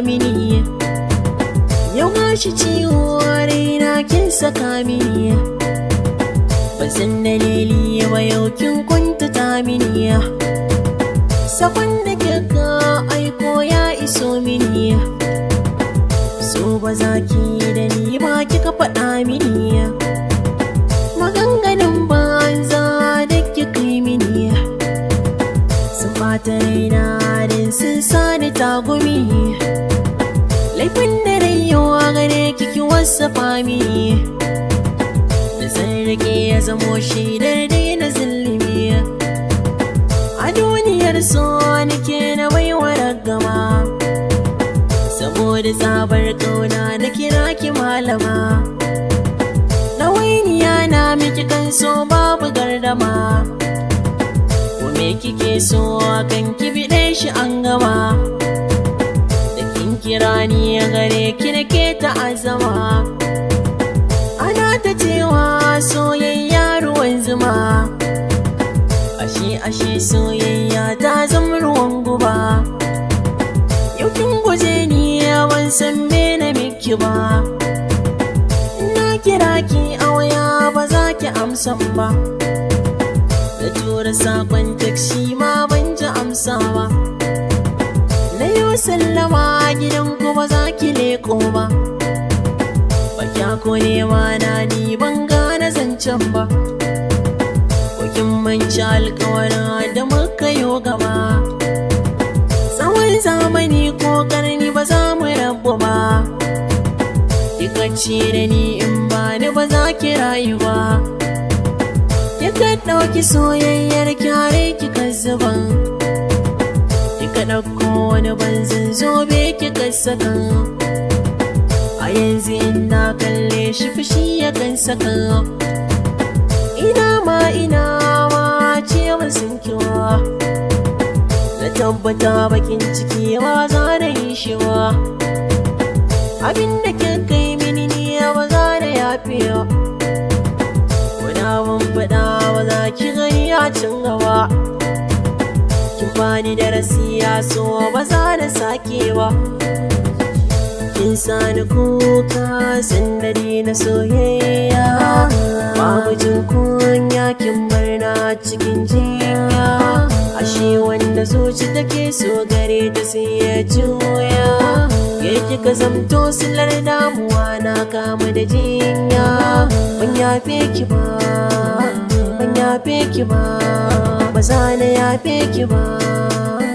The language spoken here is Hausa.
mini ma shi ciwo raina kin saka mini ban san dalili ba yau kin ta mini sakon da kika aiko ya iso mini so ba za ki da ni ba kika faɗa mini maganganun banza da kika yi mini su fata raina din sun sani tagumi laifin da rayuwa gare kiki wasa fami da sarki ya zamo shi daidai na zulmi a duniyar so nake na baiwar gama saboda sabar kauna na kira ki malama ɗawainiya na miki kan babu gardama kike so kan ki bide shi an gama ya gare ki na ke ta azama ana ta cewa soyayya ruwan zuma ashe ashe soyayya ta zama ruwan guba yau kin guje ni ban san me na miki ba na kira ki a waya ba za ki amsa ba da tura sakon taxi ma ban ji amsa ba na yi sallama gidan ku ba za ki leko ba ba kya nema na ni ban gane zancen ba ku kin manci alƙawara da muka yi gaba tsawon zamani ko karni ba za mu rabu ba kika ce da ni in ba ni ba za ki rayu ba kika ɗauki soyayyar kyare kika zuban kika ɗauko wani banzan zobe kika saka a yanzu ina kalle shi fushi ya kan saka ina ma ina ma ce masu kiwa na tabbata bakin ciki ba za na yi shi ba abin da kyan kai mini ne ba za na yafiya wani abin faɗa ba za ki gani a cin gaba bani da ya so ba za na sake ba kin sani kuka sandari na soyayya babu jin yakin kin barna cikin jinya ashe wanda zuci take so gare ta sai ya juya ya ka zamto silar damuwa na kama da jinya ban yafe ki ba ban yafe ki ba ba za na yafe ki ba